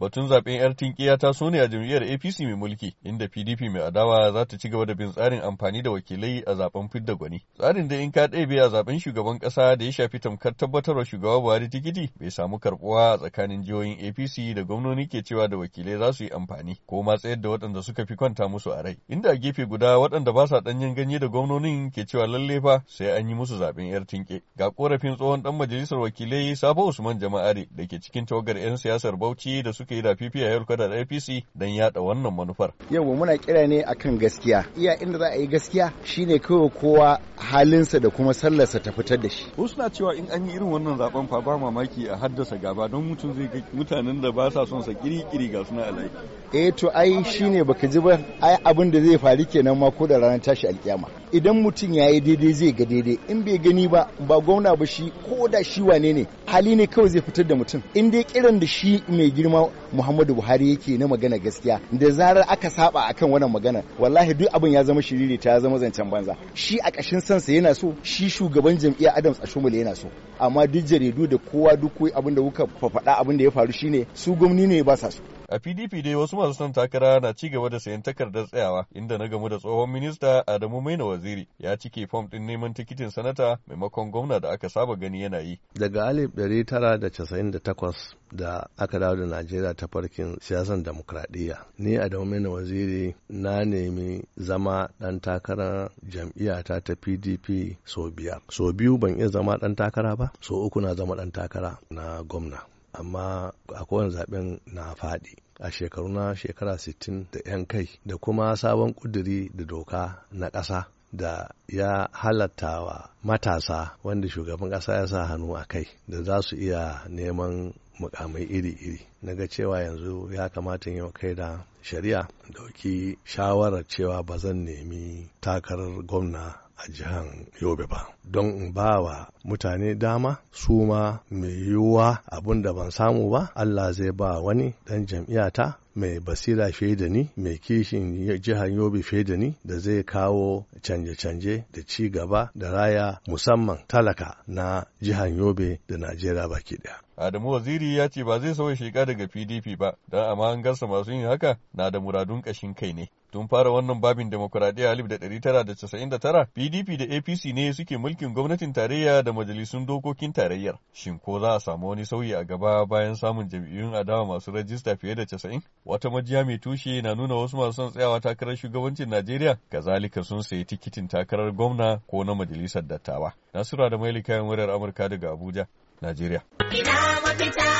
Batun zaben 'yar tinkiya ta so ne a jam'iyyar APC mai mulki, inda PDP mai adawa za ta ci gaba da bin tsarin amfani da wakilai a zaben fidda gwani. Tsarin da in ka ɗebe a zaben shugaban ƙasa da ya shafi tamkar tabbatarwa shugaba Buhari tikiti bai samu karɓuwa a tsakanin jihohin APC da gwamnoni ke cewa da wakilai za su yi amfani ko ma tsayar da waɗanda suka fi kwanta musu a rai. Inda a gefe guda waɗanda ba sa ɗanyen ganye da gwamnonin ke cewa lalle fa sai an yi musu zaben 'yar tinke. Ga korafin tsohon ɗan majalisar wakilai Sabo Usman Jama'are da ke cikin tawagar 'yan siyasar Bauchi da suka suka yi da fifi a yarkwadar apc don yada wannan manufar yau muna kira ne akan gaskiya iya inda za a yi gaskiya shine kawai kowa halinsa da kuma sallarsa ta fitar da shi wasu na cewa in an yi irin wannan zaben fa ba mamaki a haddasa gaba don mutum zai ga mutanen da ba sa son sa kiri-kiri ga suna alaiki eh to ai shine baka ji ba ai abin da zai faru kenan ma ko da ranar tashi alkiyama idan mutum ya yi daidai zai ga daidai in bai gani ba ba gwamna ba shi ko da shi wane ne hali ne kawai zai fitar da mutum in dai kiran da shi mai girma muhammadu buhari yake na magana gaskiya da zarar aka saba akan wannan magana wallahi duk abin ya zama shiriri ta zama zancen banza shi a ƙashin sansa yana so shi shugaban jam'iyyar adams ashumul yana so amma duk jaridu da kowa duk abin da kuka faɗa abin da ya faru shine su gwamni ne ba sa so A PDP dai wasu masu son takara na ci gaba da sayan takardar tsayawa inda na gamu da tsohon minista Adamu Maina Waziri ya cike fom din neman tikitin sanata maimakon gwamna da aka saba gani yana yi. Daga alif ɗari tara da casa'in da takwas da aka dawo da Najeriya ta farkin siyasan demokradiyya. Ni Adamu Maina Waziri na nemi zama ɗan takarar jam'iyyata ta PDP sau biyar. Sau biyu ban iya zama ɗan takara ba, sau uku na zama ɗan takara na gwamna. amma a kowane zaben na faɗi a shekaru na shekara 60 da 'yan kai da kuma sabon kuduri da doka na ƙasa da ya halatta wa matasa wanda shugaban ƙasa ya sa hannu a kai da za su iya neman mukamai iri-iri na ga cewa yanzu ya kamata yi kai da shari'a dauki shawarar cewa ba zan nemi takarar gwamna a jihan Yobe ba don in ba wa mutane dama su ma mai yiwuwa abun da ban samu ba Allah zai ba wani dan jam'iyyata mai basira fiye da ni mai kishin jihar yobe fiye da ni da zai kawo canje-canje da ci gaba da raya musamman talaka na jihar yobe da najeriya baki daya Adamu Waziri ya ce ba zai sauya shiga daga PDP ba, don amma an gasa masu yin haka na da muradun ƙashin kai ne. Tun fara wannan babin demokuraɗiyya alif da ɗari tara da casa'in da tara, PDP da APC ne suke mulkin gwamnatin tarayya da majalisun dokokin tarayyar. Shin ko za a samu wani sauyi a gaba bayan samun jam'iyyun adawa masu rajista fiye da casa'in? Wata majiya mai tushe na nuna wasu masu son tsayawa takarar shugabancin Najeriya, kazalika sun sayi tikitin takarar gwamna ko na majalisar dattawa. Nasura da Maili kayan muryar Amurka daga Abuja, Najeriya. Ina mafita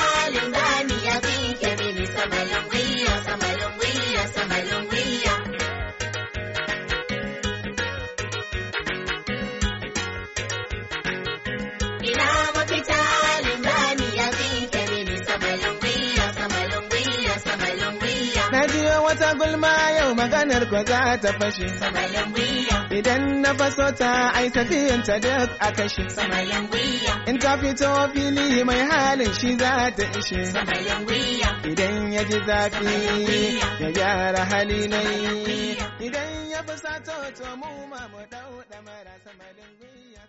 ni ya fi sama ta gulma yau maganar ko za ta fashe. Idan na faso ta ai tafiyan ta duk a kashe. In ta fito fili mai halin shi za ta ishe. Idan ya ji zafi ya gyara hali na Idan ya fusato to mu ma mu dau mara samalin wuya